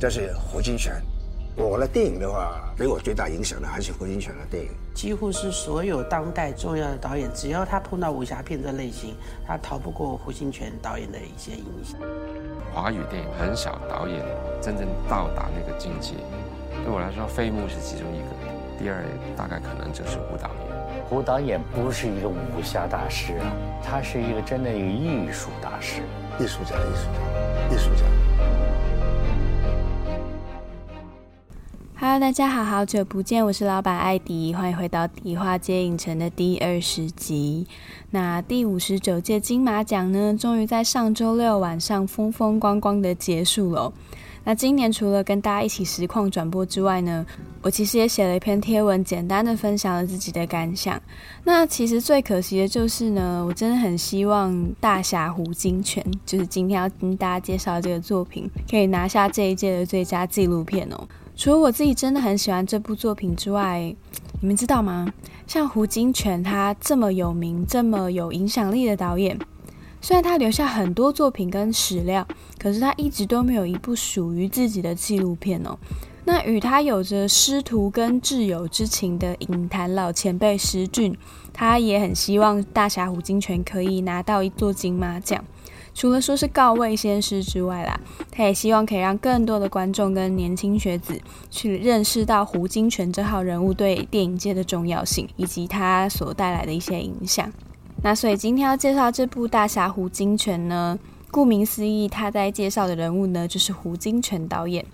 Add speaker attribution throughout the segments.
Speaker 1: 這是胡金銓，我的電影的話，給我最大影響的還是胡金銓的電影。幾乎是所有當代重要的導演，只要他碰到武俠片的類型，他逃不過胡金銓導演的一些影響。華語電影很少導演真正到達那個境界，對我來說，費穆是其中一個，第二大概可能就是胡導演。胡導演不是一個武俠大師啊，他是一個真的一個藝術大師，藝術家，藝術家，藝術家。Hello，大家好，好久不見，我是老闆艾迪，歡迎回到《迪話街影城》的第二十集。那第五十九屆金馬獎呢，終於在上周六晚上風風光光的結束了哦。那今年除了跟大家一起實況轉播之外呢，我其實也寫了一篇貼文，簡單的分享了自己的感想。那其實最可惜的就是呢，我真的很希望大俠胡金銓，就是今天要跟大家介紹這個作品，可以拿下這一屆的最佳紀錄片哦。除了我自己真的很喜歡這部作品之外，你們知道嗎？像胡金銓他這麼有名、這麼有影響力的導演，雖然他留下很多作品跟史料，可是他一直都沒有一部屬於自己的紀錄片哦。那與他有着師徒跟摯友之情的影壇老前輩石雋，他也很希望大俠胡金銓可以拿到一座金馬獎。除了說是告慰先師之外啦，他也希望可以讓更多的觀眾跟年輕學子去認識到胡金銓這號人物對電影界的重要性，以及他所帶來的一些影響。那所以今天要介紹這部《大俠胡金銓》呢，顧名思義，他在介紹的人物呢，就是胡金銓導演。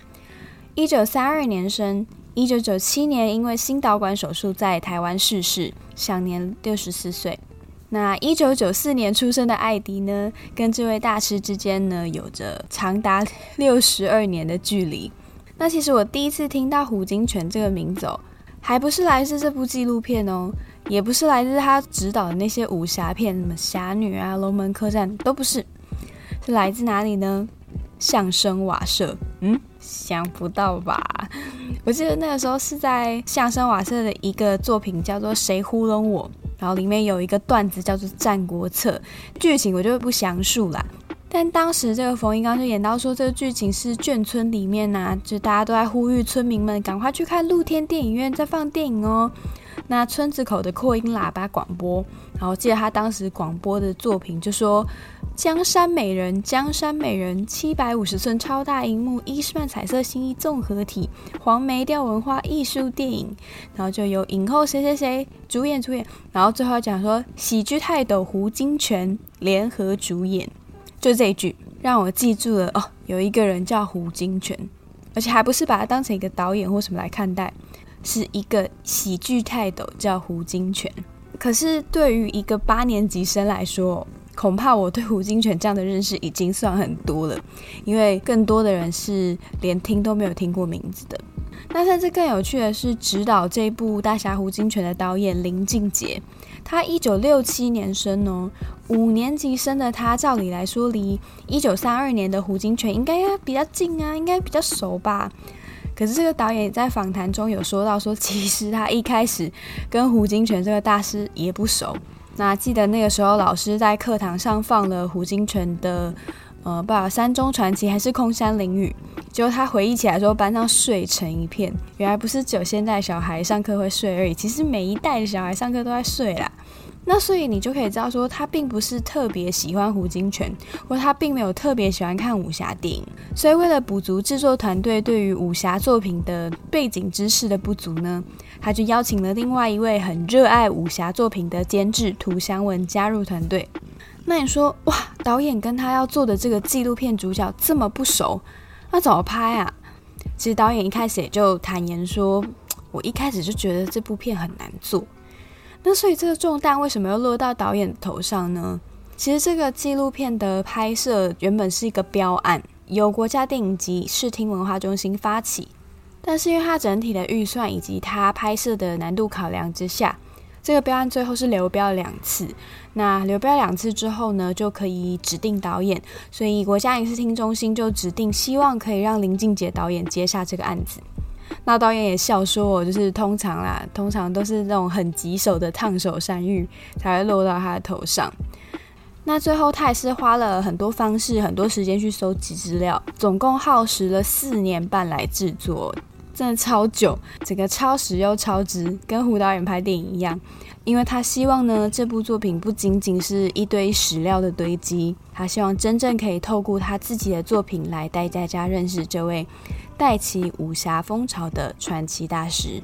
Speaker 1: 一九三二年生，一九九七年因為心導管手術在台灣逝世，世，享年六十四歲。那一九九四年出生的艾迪呢，跟這位大師之間呢，有着長達六十二年的距離。那其實我第一次聽到胡金銓這個名字哦，還不是來自這部紀錄片哦，也不是來自他執導的那些武俠片，什麼《俠女》啊，《龍門客棧》都不是，是來自哪裡呢？相聲瓦舍，嗯。想不到吧？我記得那個時候是在相聲瓦舍的一個作品，叫做《誰糊弄我》，然後裡面有一個段子叫做《戰國策》，劇情我就不詳述了。但當時這個馮翊綱就演到說，這個劇情是眷村裡面吶、啊，就大家都在呼籲村民們趕快去看露天電影院在放電影哦。那村子口的擴音喇叭廣播，然後記得他當時廣播的作品就說。江山美人，江山美人，七百五十寸超大熒幕，伊士曼彩色新藝綜合體，黃梅調文化藝術電影，然後就由影后誰誰誰主演主演，然後最後講說喜劇泰斗胡金銓聯合主演，就這一句讓我記住了哦，有一個人叫胡金銓，而且還不是把他當成一個導演或什麼來看待，是一個喜劇泰斗叫胡金銓。可是對於一個八年級生來說。恐怕我對胡金銓這樣的認識已經算很多了，因為更多的人是連聽都沒有聽過名字的。那甚至更有趣的是，指導這部《大俠胡金銓》的導演林靖傑，他一九六七年生哦，五年級生的他，照理來說離一九三二年的胡金銓應該比較近啊，應該比較熟吧。可是這個導演在訪談中有說到，說其實他一開始跟胡金銓這個大師也不熟。那記得那個時候，老師在課堂上放了胡金銓的，呃，不，山中傳奇還是空山靈雨。結果他回憶起來說，班上睡成一片。原來不是只有現代小孩上課會睡而已，其實每一代的小孩上課都在睡啦。那所以你就可以知道，說他並不是特別喜歡胡金銓，或他並沒有特別喜歡看武俠電影。所以為了補足製作團隊對於武俠作品的背景知識的不足呢，他就邀請了另外一位很熱愛武俠作品的監製涂湘文加入團隊。那你說哇，導演跟他要做的這個紀錄片主角這麼不熟，那怎麼拍啊？其實導演一開始也就坦言說，我一開始就覺得這部片很難做。那所以這個重擔為什麼要落到導演的頭上呢？其實這個紀錄片的拍攝原本是一個標案，由國家電影及視聽文化中心發起，但是因為它整體的預算以及它拍攝的難度考量之下，這個標案最後是流標兩次。那流標兩次之後呢，就可以指定導演，所以國家影視聽中心就指定希望可以讓林靖傑導演接下這個案子。那導演也笑說：“我就是通常啦，通常都是那種很棘手的燙手山芋才會落到他的頭上。”那最後他也是花了很多方式，很多時間去搜集資料，總共耗時了四年半來制作。真的超久，整個超時又超值，跟胡導演拍電影一樣。因為他希望呢，這部作品不僅僅是一堆史料的堆積，他希望真正可以透過他自己的作品來帶大家認識這位帶起武俠風潮的傳奇大師。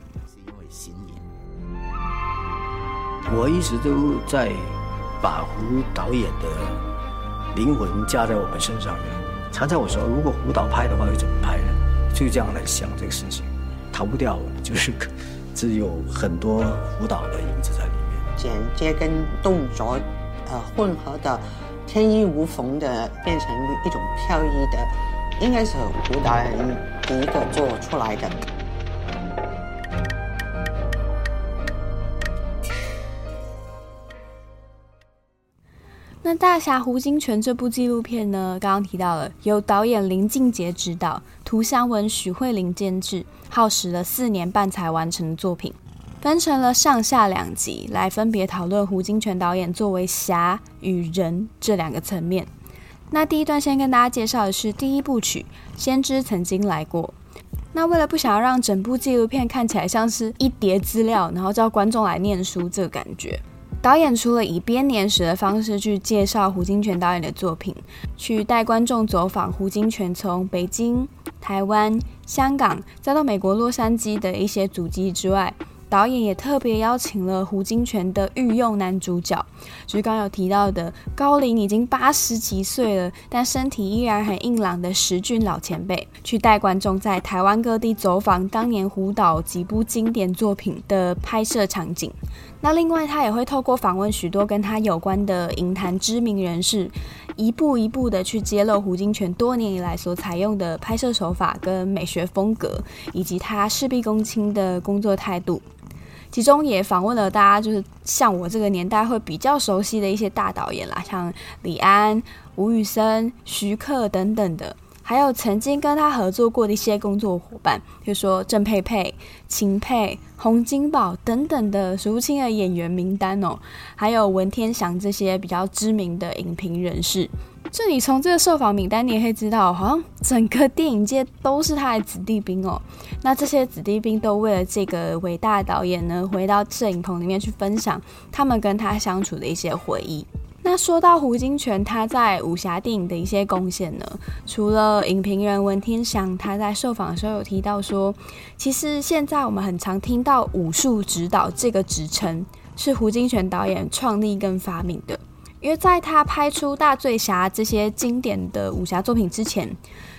Speaker 1: 我一直都在把胡導演的靈魂加在我們身上。常常我說，如果胡導拍的話，會怎麼拍呢？就這樣來想這個事情，逃不掉了，就是可，只有很多舞蹈的影子在裡面。剪接跟動作，呃，混合的，天衣無縫的，變成一種飄逸的，應該是舞蹈人第一個做出來的。大俠胡金銓這部紀錄片呢，剛剛提到了由導演林靖傑執導，涂湘文、許慧玲監製，耗時了四年半才完成的作品，分成了上下兩集來分別討論胡金銓導演作為俠與人這兩個層面。那第一段先跟大家介紹的是第一部曲《先知曾經來過》。那為了不想要讓整部紀錄片看起來像是一疊資料，然後叫觀眾來念書這個感覺。導演除了以編年史的方式去介紹胡金銓導演的作品，去帶觀眾走訪胡金銓從北京、台灣、香港，再到美國洛杉磯的一些足跡之外。導演也特別邀請了胡金銓的御用男主角，就是剛剛有提到的高齡已經八十幾歲了，但身體依然很硬朗的石雋老前輩，去帶觀眾在台灣各地走訪當年胡導幾部經典作品的拍攝場景。那另外，他也會透過訪問許多跟他有關的影壇知名人士，一步一步的去揭露胡金銓多年以來所採用的拍攝手法跟美學風格，以及他事必躬親的工作態度。其中也訪問了大家，就是像我這個年代會比較熟悉的一些大導演啦，像李安、吳宇森、徐克等等的，還有曾經跟他合作過的一些工作夥伴，就是說鄭佩佩、秦沛、洪金寶等等的數不清的演員名單哦、喔，還有文天祥這些比較知名的影評人士。就你從這個受訪名單，你也可以知道，好像整個電影界都是他的子弟兵哦。那這些子弟兵都為了這個偉大的導演呢，回到攝影棚裡面去分享他們跟他相處的一些回憶。那說到胡金銓他在武俠電影的一些貢獻呢，除了影評人文天祥他在受訪的時候有提到說，其實現在我們很常聽到武術指導這個職稱，是胡金銓導演創立跟發明的。因為在他拍出《大醉俠》這些經典的武俠作品之前，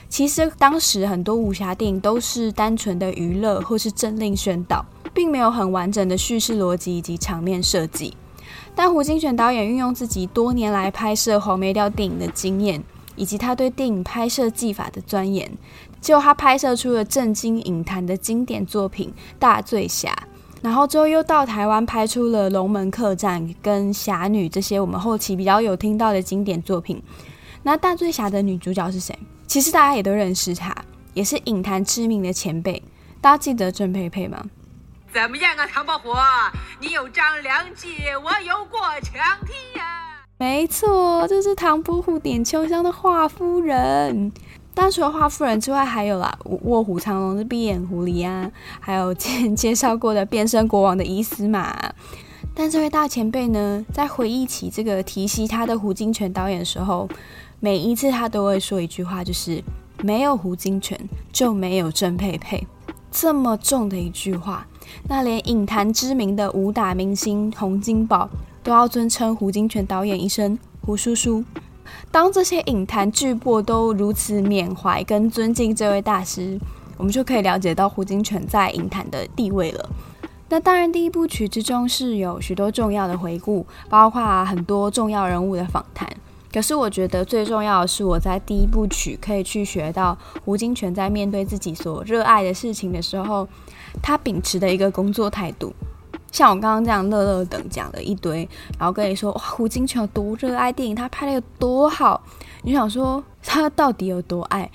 Speaker 1: 其實當時很多武俠電影都是單純的娛樂或是政令宣導，並沒有很完整的敘事邏輯以及場面設計。但胡金銓導演運用自己多年來拍攝黃梅調電影的經驗，以及他對電影拍攝技法的鑽研，就他拍攝出了震驚影壇的經典作品《大醉俠》。然後之後又到台灣拍出了《龍門客棧》跟《俠女》這些我們後期比較有聽到的經典作品。那《大醉俠》的女主角是誰？其實大家也都認識她，也是影壇知名的前輩。大家記得鄭佩佩嗎？怎麼樣啊，唐伯虎，你有張良計，我有過牆梯啊！沒錯，這是唐伯虎點秋香的華夫人。但除了華夫人之外，還有啦臥虎藏龍的閉眼狐狸啊，還有之前介紹過的變身國王的伊斯瑪。但這位大前輩呢，在回憶起這個提攜他的胡金銓導演的時候，每一次他都會說一句話，就是沒有胡金銓就沒有鄭佩佩。這麼重的一句話，那連影坛知名的武打明星洪金寶都要尊稱胡金銓導演一聲胡叔叔。當這些影壇巨擘都如此緬懷跟尊敬這位大師，我們就可以了解到胡金銓在影壇的地位了。那當然，第一部曲之中是有許多重要的回顧，包括很多重要人物的訪談。可是，我覺得最重要的是我在第一部曲可以去學到胡金銓在面對自己所熱愛的事情的時候，他秉持的一個工作態度。像我剛剛這樣樂樂等講了一堆，然後跟你說哇，胡金銓有多熱愛電影，他拍的有多好，你想說他到底有多愛。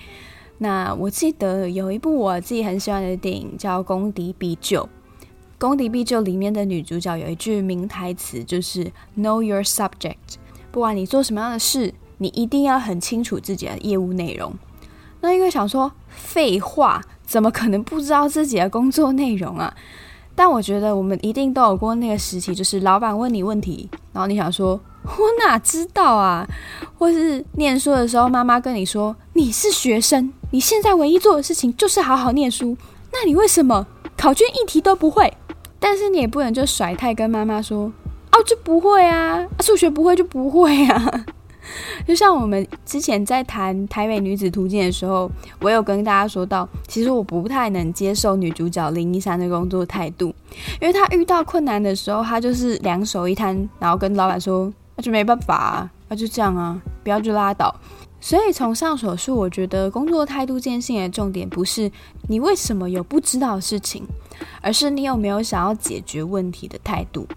Speaker 1: 那我記得有一部我自己很喜歡的電影叫《攻敵必救》，《攻敵必救》裡面的女主角有一句名台詞就是 Know your subject，不管你做什麼樣的事，你一定要很清楚自己的業務內容。那因為想說廢話，怎麼可能不知道自己的工作內容啊？但我覺得我們一定都有過那個時期，就是老闆問你問題，然後你想說“我哪知道啊”；或是念書的時候，媽媽跟你說“你是學生，你現在唯一做的事情就是好好念書”，那你為什麼考卷一題都不會？但是你也不能就甩態，跟媽媽說“哦，就不會啊，數學不會就不會啊”。就像我們之前在談《台北女子圖鑑》的時候，我有跟大家說到，其實我不太能接受女主角林怡姍的工作態度，因為她遇到困難的時候，她就是兩手一攤，然後跟老闆說，那、啊、就沒辦法、啊，那、啊、就這樣啊，不要就拉倒。所以綜上所述，我覺得工作態度建性的重點不是你為什麼有不知道的事情，而是你有沒有想要解決問題的態度。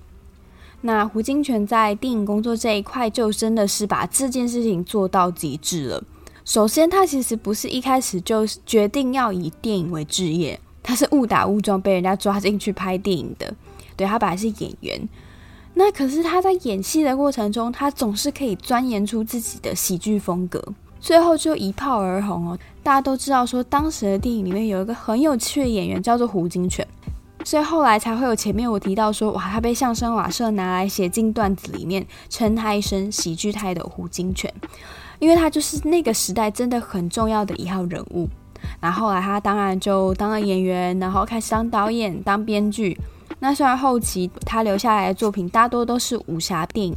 Speaker 1: 那胡金銓在電影工作這一塊，就真的是把這件事情做到極致了。首先，他其實不是一開始就決定要以電影為職業，他是誤打誤撞被人家抓進去拍電影的。對，他本來是演員，那可是他在演戲的過程中，他總是可以鑽研出自己的喜劇風格，最後就一炮而紅哦。大家都知道，說當時的電影裡面有一個很有趣的演員，叫做胡金銓。所以後來才會有前面我提到說，哇，他被相聲瓦舍拿來寫進段子裡面，稱他一聲喜劇泰斗胡金銓。因為他就是那個時代真的很重要的一號人物。那後來他當然就當了演員，然後開始當導演、當編劇。那雖然後期他留下來的作品大多都是武俠電影，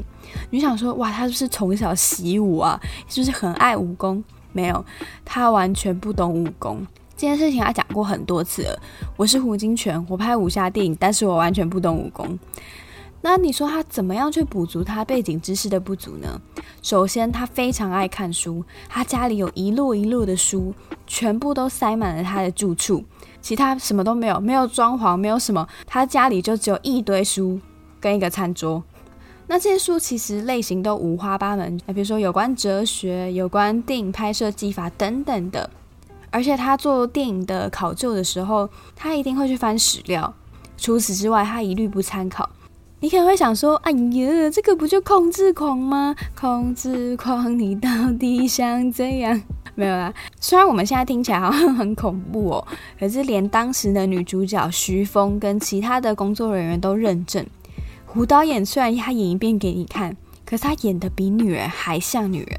Speaker 1: 你想說，哇，他是不是從小習武啊？是不是很愛武功？沒有，他完全不懂武功。這件事情他講過很多次了。我是胡金銓，我拍武俠電影，但是我完全不懂武功。那你說他怎麼樣去補足他背景知識的不足呢？首先，他非常愛看書，他家裡有一摞一摞的書，全部都塞滿了他的住處，其他什麼都沒有，沒有裝潢，沒有什麼，他家裡就只有一堆書跟一個餐桌。那這些書其實類型都五花八門，比如說有關哲學、有關電影拍攝技法等等的。而且他做電影的考究的時候，他一定會去翻史料。除此之外，他一律不參考。你可能會想說：“哎呀，這個不就控制狂嗎？控制狂，你到底想怎樣？”沒有啦。雖然我們現在聽起來好像很恐怖哦，可是連當時的女主角徐楓跟其他的工作人員都認證，胡導演雖然他演一遍給你看，可是他演得比女人還像女人。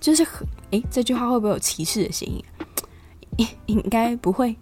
Speaker 1: 就是很，誒，這句話會不會有歧視的嫌疑？應該不會，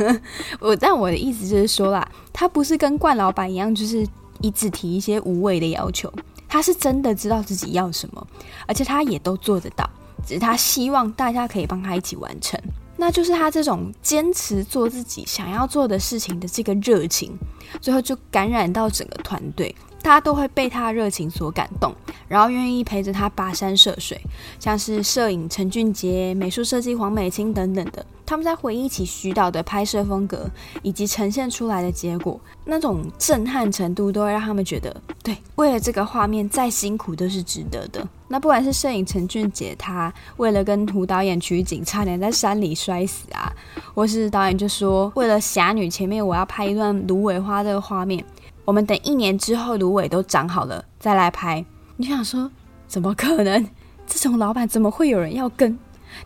Speaker 1: 我但我的意思就是說啦，他不是跟冠老闆一樣，就是一直提一些無謂的要求，他是真的知道自己要什麼，而且他也都做得到，只是他希望大家可以幫他一起完成，那就是他這種堅持做自己想要做的事情的這個熱情，最後就感染到整個團隊。大家都會被他的熱情所感動，然後願意陪着他跋山涉水，像是攝影陳俊杰、美術設計黃美清等等的，他們在回憶起徐導的拍攝風格以及呈現出來的結果，那種震撼程度都會讓他們覺得，對，為了這個畫面再辛苦都是值得的。那不管是攝影陳俊杰，他為了跟胡導演取景，差點在山裡摔死啊，或是導演就說，為了俠女前面我要拍一段蘆葦花這個畫面。我們等一年之後，蘆葦都長好了再來拍。你想說，怎麼可能？這種老板怎麼會有人要跟？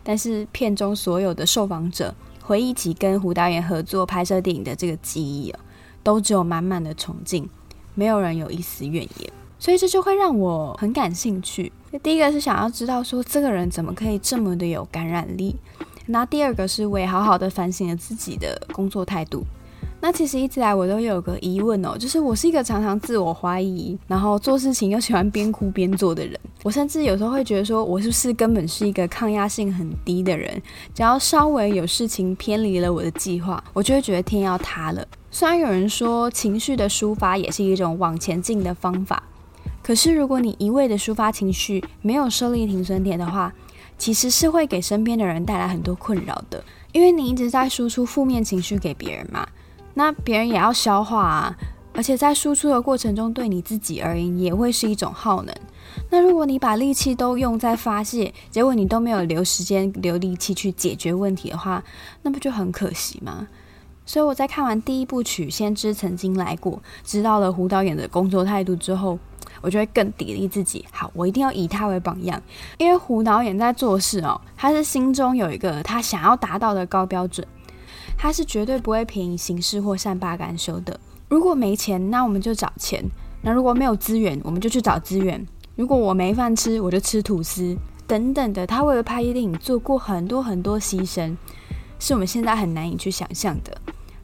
Speaker 1: 但是片中所有的受訪者回憶起跟胡導演合作拍攝電影的這個記憶啊，都只有滿滿的崇敬，沒有人有一絲怨言。所以這就會讓我很感興趣。第一個是想要知道說這個人怎麼可以這麼的有感染力，那第二個是我也好好的反省了自己的工作態度。那其實一直以來我都有個疑問哦，就是我是一個常常自我懷疑，然後做事情又喜歡邊哭邊做的人。我甚至有時候會覺得說，我是不是根本是一個抗壓性很低的人？只要稍微有事情偏離了我的計劃，我就會覺得天要塌了。雖然有人說情緒的抒發也是一種往前進的方法，可是如果你一味的抒發情緒，沒有設立停損點的話，其實是會給身邊的人帶來很多困擾的，因為你一直在輸出負面情緒給別人嘛。那別人也要消化啊，而且在輸出的過程中，對你自己而言也會是一種耗能。那如果你把力氣都用在發洩，結果你都沒有留時間留力氣去解決問題的話，那不就很可惜嗎？所以我在看完第一部曲《先知曾經來過》，知道了胡導演的工作態度之後，我就會更砥礪自己，好，我一定要以他為榜樣。因為胡導演在做事哦，他是心中有一個他想要達到的高標準。他是絕對不會便宜行事或善罷甘休的。如果沒錢，那我們就找錢；那如果沒有資源，我們就去找資源。如果我沒飯吃，我就吃吐司，等等的。他為了拍電影做過很多很多犧牲，是我們現在很難以去想象的。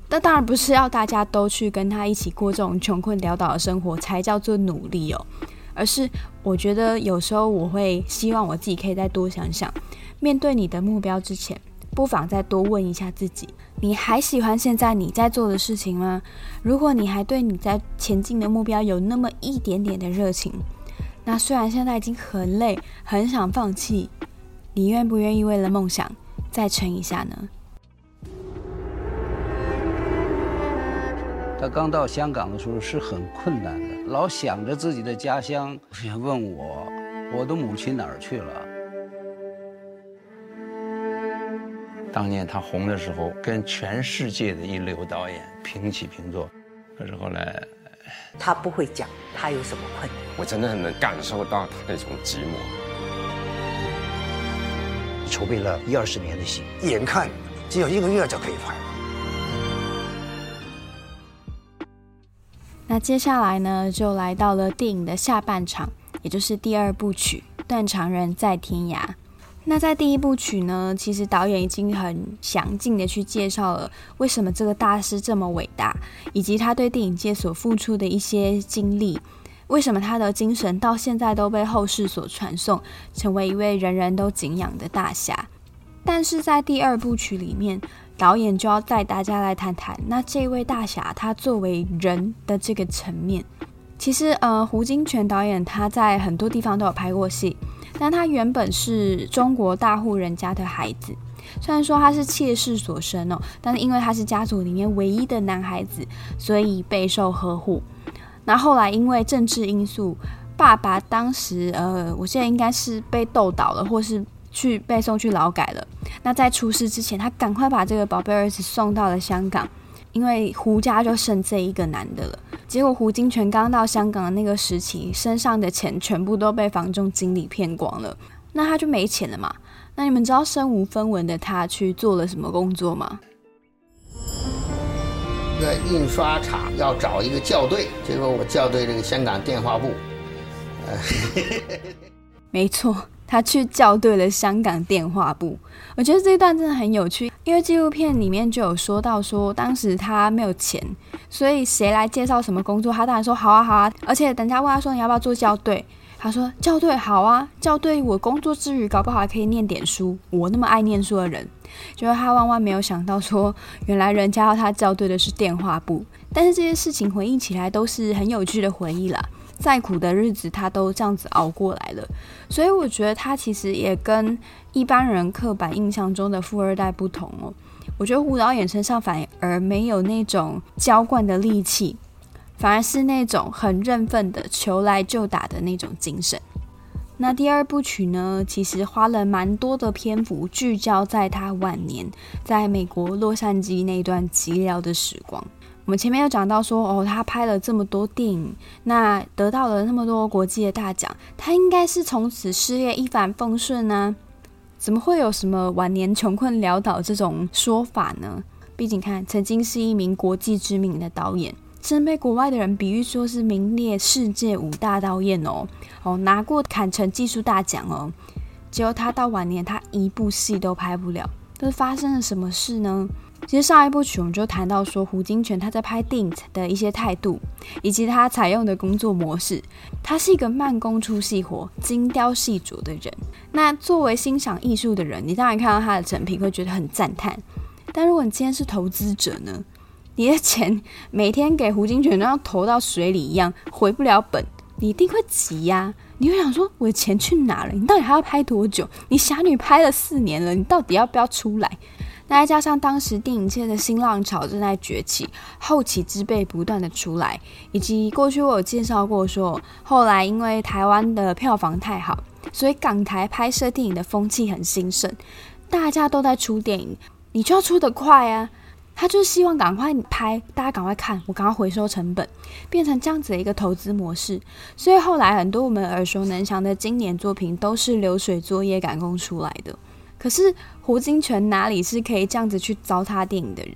Speaker 1: 那當然不是要大家都去跟他一起過這種窮困潦倒的生活才叫做努力哦，而是我覺得有時候我會希望我自己可以再多想想，面對你的目標之前。不妨再多問一下自己，你還喜歡現在你在做的事情嗎？如果你還對你在前進的目標有那麼一點點的熱情，那雖然現在已經很累，很想放棄，你願不願意為了夢想再撐一下呢？他剛到香港的時候是很困難的，老想着自己的家鄉，想問我，我的母親哪兒去了？當年他紅的時候，跟全世界的一流導演平起平坐，可是後來，他不會講他有什麼困難。我真的很能感受到他那種寂寞。籌備了一二十年的戲，眼看只有一個月就可以拍。那接下來呢，就來到了電影的下半場，也就是第二部曲《斷腸人在天涯》。那在第一部曲呢，其實導演已經很詳盡的去介紹了為什麼這個大師這麼偉大，以及他對電影界所付出的一些經歷，為什麼他的精神到現在都被後世所傳頌，成為一位人人都敬仰的大俠。但是在第二部曲裡面，導演就要帶大家來談談那這位大俠他作為人的這個層面。其實呃，胡金銓導演他在很多地方都有拍過戲。但他原本是中國大戶人家的孩子，雖然說他是妾室所生哦，但是因為他是家族裡面唯一的男孩子，所以備受呵護。那後來因為政治因素，爸爸當時呃，我現在應該是被鬥倒了，或是去被送去勞改了。那在出事之前，他趕快把這個寶貝兒子送到了香港，因為胡家就剩這一個男的了。結果胡金銓剛到香港的那個時期，身上的錢全部都被房仲經理騙光了，那他就沒錢了嘛？那你們知道身無分文的他去做了什麼工作嗎？在印刷廠要找一個校對，結果我校對這個香港電話簿。 沒錯，他去校對了香港電話簿。我覺得這段真的很有趣。因為紀錄片裡面就有說到，說當時他沒有錢，所以誰來介紹什麼工作，他當然說好啊好啊。而且人家問他說你要不要做校對，他說校對好啊，校對我工作之餘搞不好還可以念點書，我那麼愛念書的人，就是他萬萬沒有想到說，原來人家要他校對的是電話簿。但是這些事情回憶起來都是很有趣的回憶啦。再苦的日子，他都這樣子熬過來了，所以我覺得他其實也跟一般人刻板印象中的富二代不同哦。我覺得胡導演身上反而沒有那種嬌慣的戾氣，反而是那種很認份的求來就打的那種精神。那第二部曲呢，其實花了蠻多的篇幅聚焦在他晚年在美國洛杉磯那段寂寥的時光。我們前面有講到說，哦，他拍了這麼多電影，那得到了那麼多國際的大獎，他應該是從此事業一帆風順呢、啊？怎麼會有什麼晚年窮困潦倒這種說法呢？畢竟看，曾經是一名國際知名的導演，真被國外的人比喻說是名列世界五大導演哦，哦，拿過坎城技術大獎哦，結果他到晚年他一部戲都拍不了，這是發生了什麼事呢？其實上一部曲我們就談到說，胡金銓他在拍電影的一些態度，以及他採用的工作模式。他是一個慢工出細活、精雕細琢的人。那作為欣賞藝術的人，你當然看到他的成品會覺得很讚嘆。但如果你今天是投資者呢？你的錢每天給胡金銓都要投到水裡一樣，回不了本，你一定會急呀、啊！你會想說，我的錢去哪了？你到底還要拍多久？你俠女拍了四年了，你到底要不要出來？再加上當時電影界的新浪潮正在崛起，後起之輩不斷的出來，以及過去我有介紹過說，說後來因為台灣的票房太好，所以港台拍攝電影的風氣很興盛，大家都在出電影，你就要出得快啊，他就是希望趕快拍，大家趕快看，我趕快回收成本，變成這樣子的一個投資模式，所以後來很多我們耳熟能詳的經典作品，都是流水作業趕工出來的。可是胡金銓哪裡是可以這樣子去糟蹋電影的人？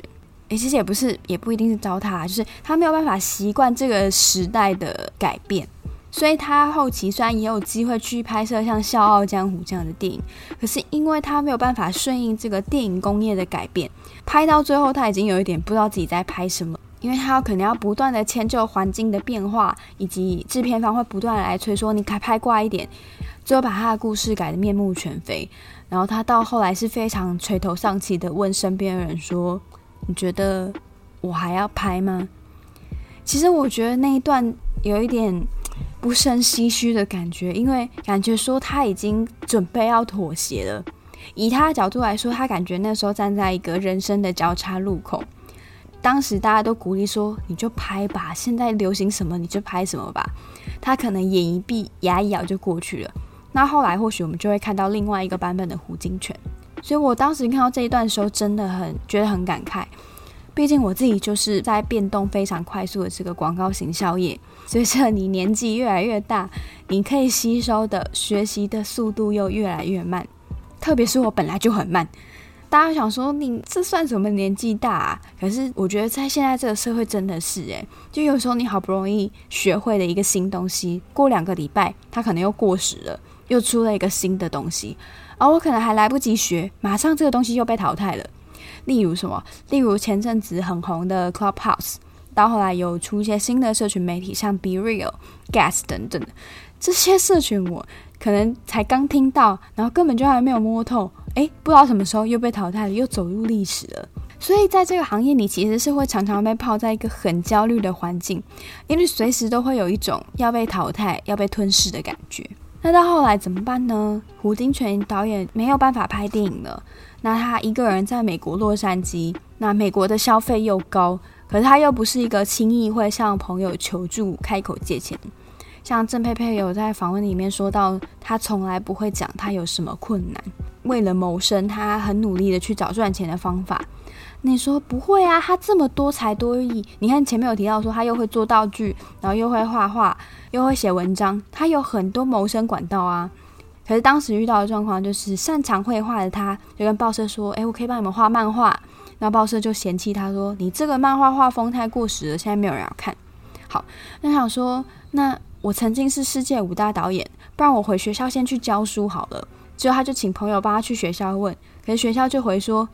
Speaker 1: 哎、欸，其實也不是，也不一定是糟蹋，啊，就是他沒有辦法習慣這個時代的改變，所以他後期雖然也有機會去拍攝像《笑傲江湖》這樣的電影，可是因為他沒有辦法順應這個電影工業的改變，拍到最後他已經有一點不知道自己在拍什麼，因為他可能要不斷的遷就環境的變化，以及制片方會不斷來催說你開拍掛一點，最後把他的故事改得面目全非。然後他到後來是非常垂頭喪氣的問身邊的人說：“你覺得我還要拍嗎？”其實我覺得那一段有一點不勝唏噓的感覺，因為感覺說他已經準備要妥協了。以他的角度來說，他感覺那時候站在一個人生的交叉路口，當時大家都鼓勵說：“你就拍吧，現在流行什麼你就拍什麼吧。”他可能眼一閉，牙一咬就過去了。那後來或許我們就會看到另外一個版本的胡金銓。所以我當時看到這一段的時候，真的很覺得很感慨。畢竟我自己就是在變動非常快速的這個廣告行銷業，隨着你年紀越來越大，你可以吸收的學習的速度又越來越慢，特別是我本來就很慢。大家想說你這算什麼年紀大啊？可是我覺得在現在這個社會真的是哎，就有時候你好不容易學會的一個新東西，過兩個禮拜它可能又過時了。又出了一個新的東西，而、啊、我可能還來不及學，馬上這個東西又被淘汰了。例如什麼？例如前陣子很紅的 Clubhouse，到後來有出一些新的社群媒體，像 Be Real、Gas 等等這些社群，我可能才剛聽到，然後根本就還沒有摸透。哎，不知道什麼時候又被淘汰了，又走入歷史了。所以在這個行業裡，其實是會常常被泡在一個很焦慮的環境，因為隨時都會有一種要被淘汰、要被吞噬的感覺。那到後來怎麼辦呢？胡金銓導演沒有辦法拍電影了。那他一個人在美國洛杉磯，那美國的消費又高，可是他又不是一個輕易會向朋友求助、開口借錢。像鄭佩佩有在訪問裡面說到，他從來不會講他有什麼困難，為了謀生，他很努力的去找賺錢的方法。你說不會啊，他這麼多才多藝，你看前面有提到說他又會做道具，然後又會畫畫，又會寫文章，他有很多謀生管道啊。可是當時遇到的狀況就是，擅長繪畫的他就跟報社說：“誒，我可以幫你們畫漫畫。”然後報社就嫌棄他說：“你這個漫畫畫風太過時了，現在沒有人要看。”好，那想說，那我曾經是世界五大導演，不然我回學校先去教書好了。之後他就請朋友幫他去學校問，可是學校就回說。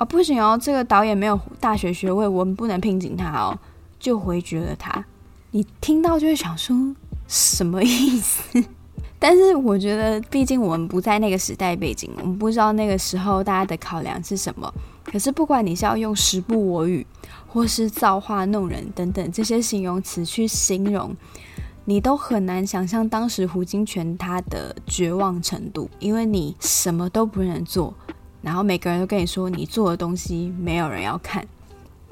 Speaker 1: 啊、哦，不行哦，這個導演沒有大學學位，我們不能聘請他哦，就回絕了他。你聽到就會想說什麼意思？ 但是我覺得，畢竟我們不在那個時代背景，我們不知道那個時候大家的考量是什麼。可是，不管你是要用“時不我與”或是“造化弄人”等等這些形容詞去形容，你都很難想象當時胡金銓他的絕望程度，因為你什麼都不能做。然後每個人都跟你說，你做的東西沒有人要看。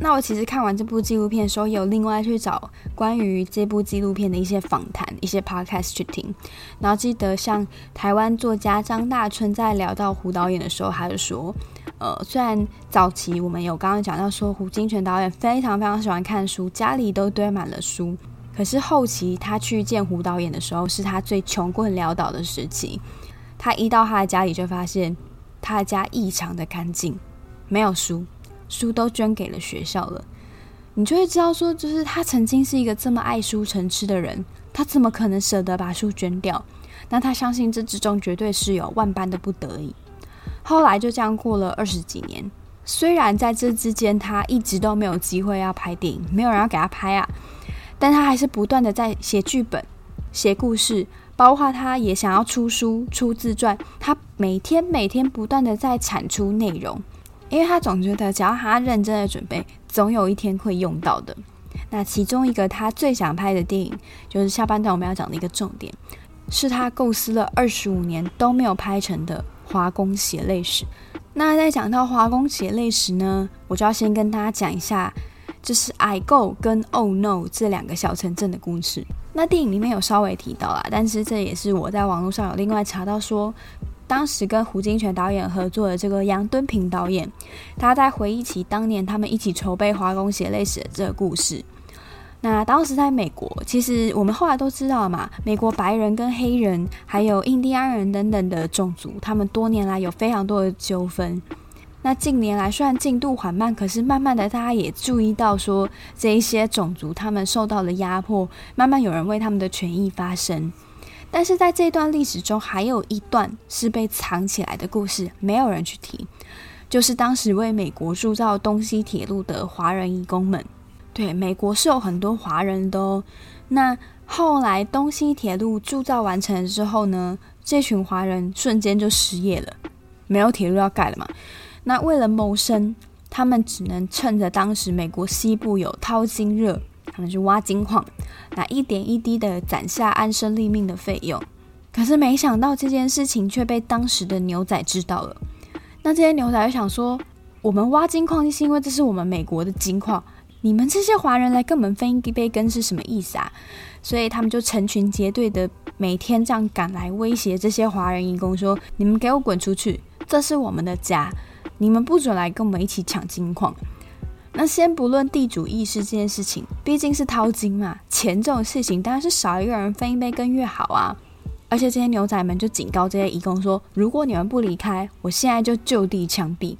Speaker 1: 那我其實看完這部紀錄片的時候，也有另外去找關於這部紀錄片的一些訪談、一些 podcast 去聽。然後記得，像台灣作家張大春在聊到胡導演的時候，他就說：“呃，雖然早期我們有剛剛講到說，胡金銓導演非常非常喜歡看書，家裡都堆滿了書。可是後期他去見胡導演的時候，是他最窮困潦倒的時期。他一到他的家裡，就發現。”他的家異常的乾淨，沒有書，書都捐給了學校了。你就會知道說，就是他曾經是一個這麼愛書成痴的人，他怎麼可能捨得把書捐掉？那他相信這之中絕對是有萬般的不得已。後來就這樣過了二十幾年，雖然在這之間他一直都沒有機會要拍電影，沒有人要給他拍啊，但他還是不斷的在寫劇本，寫故事。包括他也想要出書、出自傳，他每天每天不斷的在產出內容，因為他總覺得只要他認真的準備，總有一天會用到的。那其中一個他最想拍的電影，就是下半段我們要講的一個重點，是他構思了二十五年都沒有拍成的《華工血淚史》。那在講到《華工血淚史》呢，我就要先跟大家講一下。就是 I Go 跟 Oh No 這兩個小城鎮的故事。那電影裡面有稍微提到啦，但是這也是我在網絡上有另外查到說，當時跟胡金銓導演合作的這個楊敦平導演，他在回憶起當年他們一起籌備《華工血淚史》的這個故事。那當時在美國，其實我們後來都知道了嘛，美國白人跟黑人還有印第安人等等的種族，他們多年來有非常多的糾紛。那近年來雖然進度緩慢，可是慢慢的大家也注意到說，這一些種族他們受到了壓迫，慢慢有人為他們的權益發聲。但是在這段歷史中，還有一段是被藏起來的故事，沒有人去提，就是當時為美國鑄造東西鐵路的華人義工們。對，美國是有很多華人的哦。那後來東西鐵路鑄造完成之後呢，這群華人瞬間就失業了，沒有鐵路要蓋了嘛。那為了謀生，他們只能趁着當時美國西部有淘金熱，他們去挖金礦，那一點一滴的攢下安身立命的費用。可是沒想到這件事情卻被當時的牛仔知道了。那這些牛仔又想說：“我們挖金礦是因為這是我們美國的金礦，你們這些華人來跟我們分一杯羹是什麼意思啊？”所以他們就成群結隊的每天這樣趕來威脅這些華人移工說：“你們給我滾出去，這是我們的家。”你們不准來跟我們一起搶金礦。那先不論地主意識這件事情，畢竟是淘金嘛，錢這種事情當然是少一個人分一杯羹越好啊。而且這些牛仔們就警告這些移工說：“如果你們不離開，我現在就就地槍斃。”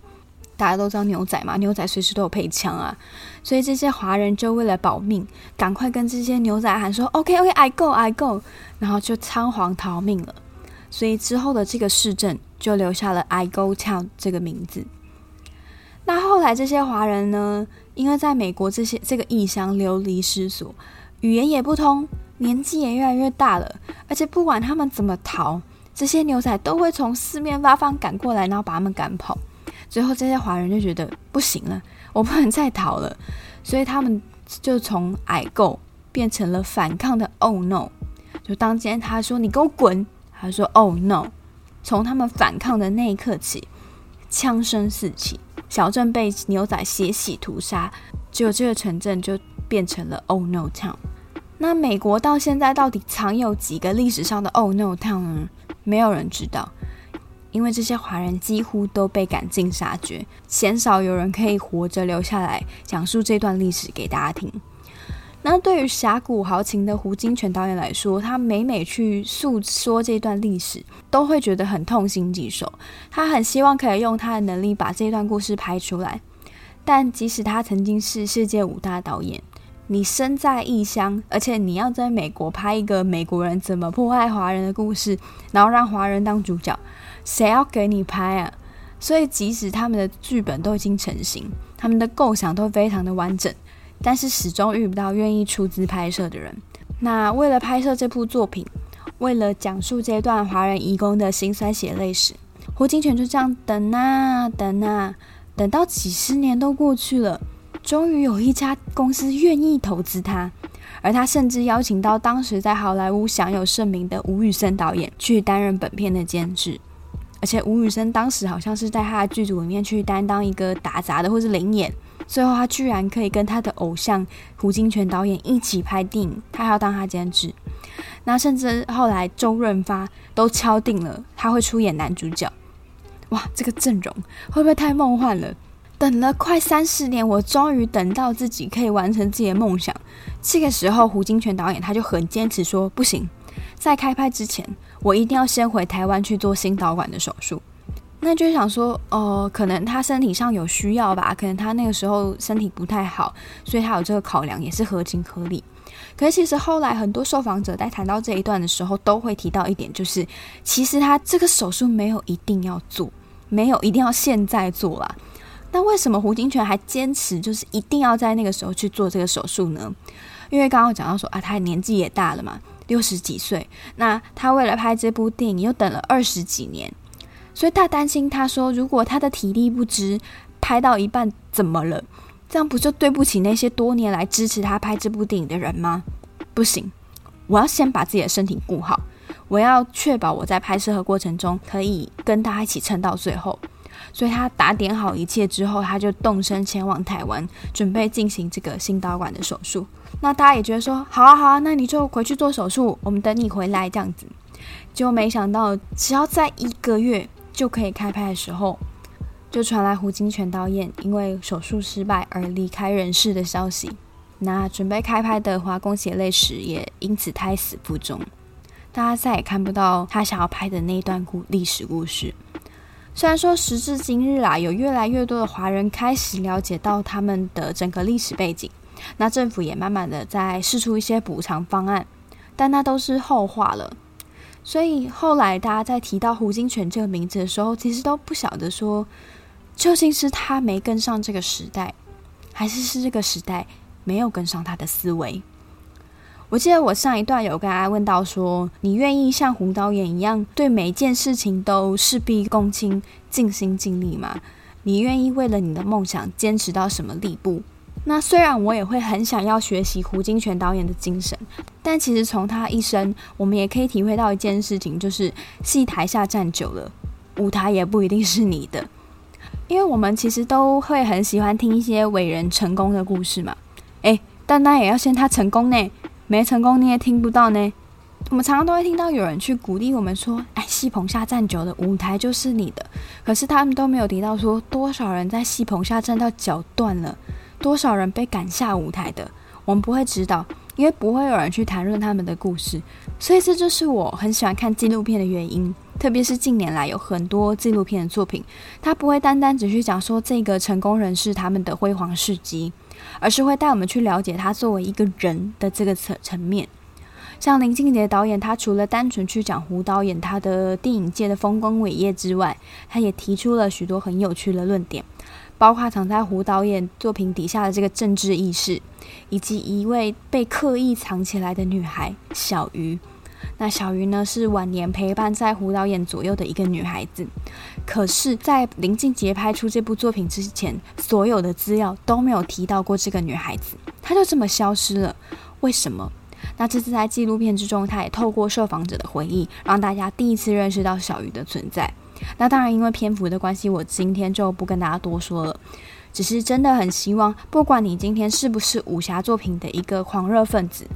Speaker 1: 大家都知道牛仔嘛，牛仔隨時都有配槍啊。所以這些華人就為了保命，趕快跟這些牛仔喊說：“OK，OK，I go，I go。”然後就倉皇逃命了。所以之後的這個市政。就留下了 I Go Town 這個名字。那後來這些華人呢，因為在美國這些這個異鄉流離失所，語言也不通，年紀也越來越大了，而且不管他們怎麼逃，這些牛仔都會從四面八方趕過來，然後把他們趕跑。最後這些華人就覺得不行了，我不能再逃了，所以他們就從 I Go 變成了反抗的 Oh No，就當今天他說你給我滾，他說 Oh No。從他們反抗的那一刻起，槍聲四起，小鎮被牛仔血洗屠殺，只有這個城鎮就變成了 Oh No Town。那美國到現在到底藏有幾個歷史上的 Oh No Town 呢？沒有人知道，因為這些華人幾乎都被趕盡殺絕，鮮少有人可以活着留下來講述這段歷史給大家聽。那對於《峽谷豪情》的胡金銓導演來說，他每每去訴說這段歷史，都會覺得很痛心疾首。他很希望可以用他的能力把這段故事拍出來，但即使他曾經是世界五大導演，你身在異鄉，而且你要在美國拍一個美國人怎麼破壞華人的故事，然後讓華人當主角，誰要給你拍啊？所以，即使他們的劇本都已經成型，他們的構想都非常的完整。但是始終遇不到願意出資拍攝的人。那為了拍攝這部作品，為了講述這段華人移工的辛酸血淚史，胡金銓就這樣等啊等啊，等到幾十年都過去了，終於有一家公司願意投資他。而他甚至邀請到當時在好萊塢享有盛名的吳宇森導演去擔任本片的監制，而且吳宇森當時好像是在他的劇組裡面去擔當一個打雜的或是臨演。最後，他居然可以跟他的偶像胡金銓導演一起拍電影，他還要當他監製。那甚至後來周潤發都敲定了他會出演男主角。哇，這個陣容會不會太夢幻了？等了快三十年，我終於等到自己可以完成自己的夢想。這個時候，胡金銓導演他就很堅持說：“不行，在開拍之前，我一定要先回台灣去做心導管的手術。”那就想說，呃，可能他身體上有需要吧，可能他那個時候身體不太好，所以他有這個考量，也是合情合理。可是其實後來很多受訪者在談到這一段的時候，都會提到一點，就是其實他這個手術沒有一定要做，沒有一定要現在做啦。那為什麼胡金銓還堅持就是一定要在那個時候去做這個手術呢？因為剛剛我講到說啊，他年紀也大了嘛，六十幾歲，那他為了拍這部電影又等了二十幾年。所以他擔心，他說如果他的體力不支，拍到一半怎麼了？這樣不就對不起那些多年來支持他拍這部電影的人嗎？不行，我要先把自己的身體顧好，我要確保我在拍攝的過程中可以跟大家一起撐到最後。所以他打點好一切之後，他就動身前往台灣，準備進行這個心導管的手術。那大家也覺得說好啊好啊，那你就回去做手術，我們等你回來這樣子。結果沒想到，只要在一個月。就可以開拍的時候，就傳來胡金銓導演因為手術失敗而離開人世的消息。那準備開拍的《華工血淚史》也因此胎死腹中，大家再也看不到他想要拍的那一段故歷史故事。雖然說時至今日啦、啊，有越來越多的華人開始了解到他們的整個歷史背景，那政府也慢慢的在釋出一些補償方案，但那都是後話了。所以後來大家在提到胡金銓這個名字的時候，其實都不曉得說，究竟是他沒跟上這個時代，還是是這個時代沒有跟上他的思維。我記得我上一段有跟大家問到說，你願意像胡導演一樣，對每件事情都事必躬親、盡心盡力嗎？你願意為了你的夢想堅持到什麼地步？那雖然我也會很想要學習胡金銓導演的精神，但其實從他一生，我們也可以體會到一件事情，就是戲台下站久了，舞台也不一定是你的。因為我們其實都會很喜歡聽一些偉人成功的故事嘛，哎，但當然也要先他成功呢，沒成功你也聽不到呢。我們常常都會聽到有人去鼓勵我們說，哎，戲棚下站久了，舞台就是你的。可是他們都沒有提到說，多少人在戲棚下站到腳斷了。多少人被趕下舞台的，我們不會知道，因為不會有人去談論他們的故事。所以，這就是我很喜歡看紀錄片的原因。特別是近年來有很多紀錄片的作品，他不會單單只去講說這個成功人士他們的輝煌事跡，而是會帶我們去了解他作為一個人的這個層層面。像林靖傑的導演，他除了單純去講胡導演他的電影界的豐功偉業之外，他也提出了許多很有趣的論點。包括藏在胡導演作品底下的這個政治意識，以及一位被刻意藏起來的女孩小魚。那小魚呢，是晚年陪伴在胡導演左右的一個女孩子。可是，在林靖傑拍出這部作品之前，所有的資料都沒有提到過這個女孩子，她就這麼消失了。為什麼？那這次在紀錄片之中，她也透過受訪者的回憶，讓大家第一次認識到小魚的存在。那當然，因為篇幅的關係，我今天就不跟大家多說了。只是真的很希望，不管你今天是不是武俠作品的一個狂熱分子，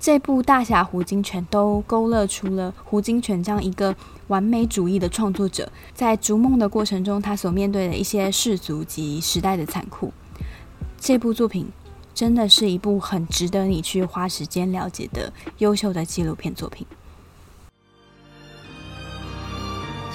Speaker 1: 這部《大俠胡金銓》都勾勒出了胡金銓這樣一個完美主義的創作者，在逐夢的過程中，他所面對的一些世俗及時代的殘酷。這部作品真的是一部很值得你去花時間了解的優秀的紀錄片作品。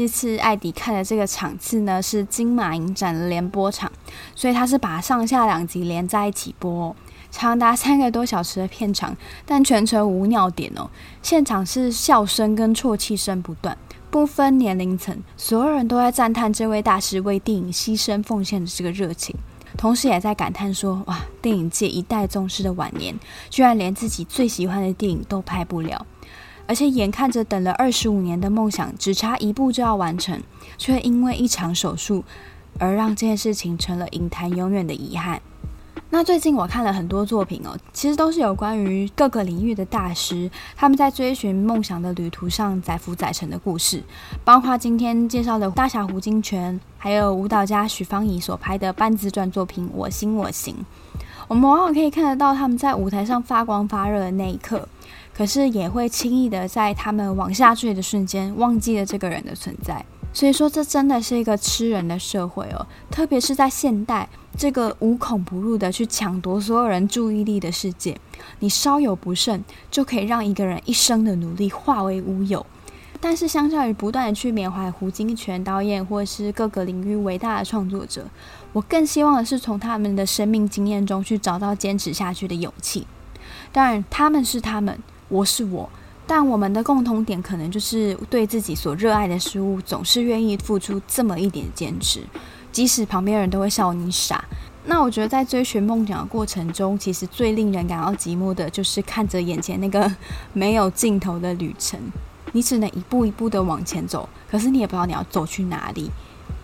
Speaker 1: 這次艾迪看的這個場次呢，是金馬影展的聯播場，所以他是把上下兩集連在一起播哦，長達三個多小時的片長。但全程無尿點哦。現場是笑聲跟啜泣聲不斷，不分年齡層，所有人都在讚嘆這位大師為電影犧牲奉獻的這個熱情，同時也在感嘆說：哇，電影界一代宗師的晚年，居然連自己最喜歡的電影都拍不了。而且眼看着等了二十五年的夢想，只差一步就要完成，卻因為一場手術而讓這件事情成了影壇永遠的遺憾。那最近我看了很多作品哦，其實都是有關於各個領域的大師他們在追尋夢想的旅途上載浮載沉的故事，包括今天介紹的大俠胡金銓，還有舞蹈家許芳宜所拍的半自傳作品《我心我行》，我們往往可以看得到他們在舞台上發光發熱的那一刻。可是也會輕易的在他們往下墜的瞬間，忘記了這個人的存在。所以說，這真的是一個吃人的社會哦，特別是在現代這個無孔不入的去搶奪所有人注意力的世界，你稍有不慎，就可以讓一個人一生的努力化為烏有。但是，相較於不斷的去緬懷胡金銓導演或是各個領域偉大的創作者，我更希望的是從他們的生命經驗中去找到堅持下去的勇氣。當然，他們是他們。我是我，但我們的共同點可能就是對自己所熱愛的事物，總是願意付出這麼一點堅持，即使旁邊人都會笑你傻。那我覺得在追尋夢想的過程中，其實最令人感到寂寞的，就是看着眼前那個沒有盡頭的旅程，你只能一步一步的往前走，可是你也不知道你要走去哪裡。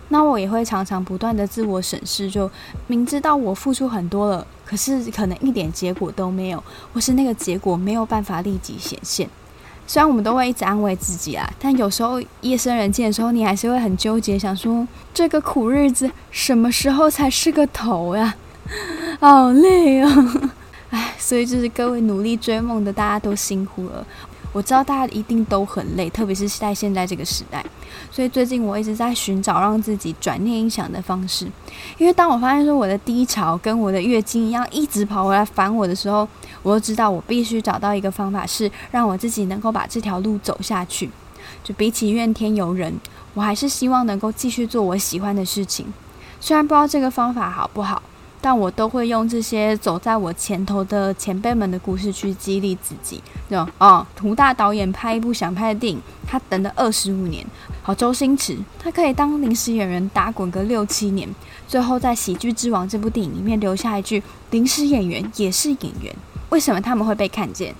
Speaker 1: 那我也會常常不斷的自我審視，就明知道我付出很多了。可是可能一點結果都沒有，或是那個結果沒有辦法立即顯現。雖然我們都會一直安慰自己啦，但有時候夜深人靜的時候，你還是會很糾結，想說這個苦日子什麼時候才是個頭呀？好累哦！唉，所以就是各位努力追夢的，大家都辛苦了。我知道大家一定都很累，特別是在現在這個時代。所以最近我一直在尋找讓自己轉念一想的方式，因為當我發現說我的低潮跟我的月經一樣一直跑回來煩我的時候，我就知道我必須找到一個方法，是讓我自己能夠把這條路走下去。就比起怨天尤人，我還是希望能夠繼續做我喜歡的事情，雖然不知道這個方法好不好。但我都會用這些走在我前頭的前輩們的故事去激勵自己。哦，胡大導演拍一部想拍的電影，他等了二十五年。好，周星馳，他可以當臨時演員打滾個六七年，最後在《喜劇之王》這部電影裡面留下一句：“臨時演員也是演員。”為什麼他們會被看見？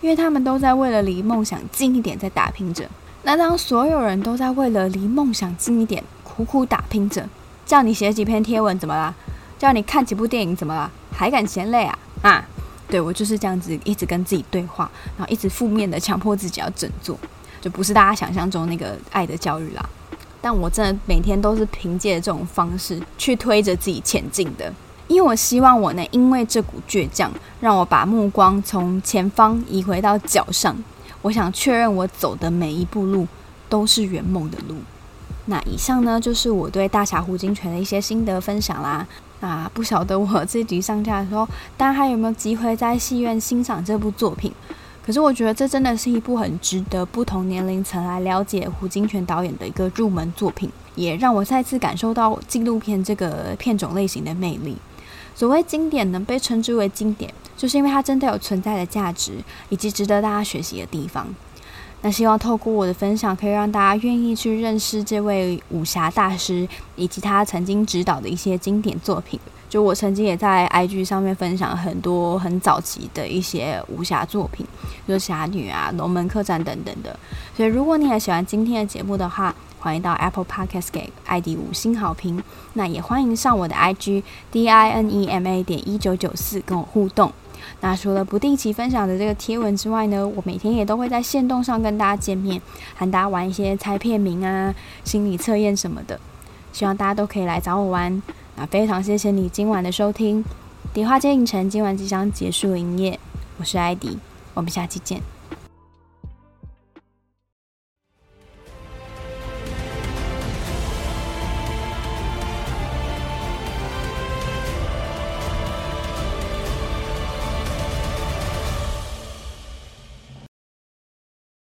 Speaker 1: 因為他們都在為了離夢想近一點在打拼着。那當所有人都在為了離夢想近一點苦苦打拼着，叫你寫幾篇貼文，怎麼啦？叫你看幾部電影，怎麼了？還敢嫌累啊？啊！對，我就是這樣子，一直跟自己對話，然後一直負面的強迫自己要振作，就不是大家想象中那個愛的教育啦。但我真的每天都是憑借這種方式去推着自己前進的，因為我希望我呢，因為這股倔強，讓我把目光從前方移回到腳上。我想確認我走的每一步路都是圓夢的路。那以上呢，就是我對大俠胡金銓的一些心得分享啦。啊，不曉得我這集上架的時候，大家還有沒有機會在戲院欣賞這部作品？可是我覺得這真的是一部很值得不同年齡層來了解胡金銓導演的一個入門作品，也讓我再次感受到紀錄片這個片種類型的魅力。所謂經典呢，能被稱之為經典，就是因為它真的有存在的價值，以及值得大家學習的地方。那希望透過我的分享，可以讓大家願意去認識這位武俠大師，以及他曾經指導的一些經典作品。就我曾經也在 IG 上面分享很多很早期的一些武俠作品，比如《俠女》啊、《龍門客棧》等等的。所以，如果你也喜歡今天的節目的話，歡迎到 Apple Podcast 給艾迪五星好評。那也歡迎上我的 IG DINEMA 點一九九四跟我互動。那除了不定期分享的這個貼文之外呢，我每天也都會在限動上跟大家見面，和大家玩一些猜片名啊、心理測驗什麼的，希望大家都可以來找我玩。那非常謝謝你今晚的收聽，迪話街影城今晚即將結束營業，我是艾迪，我們下期見。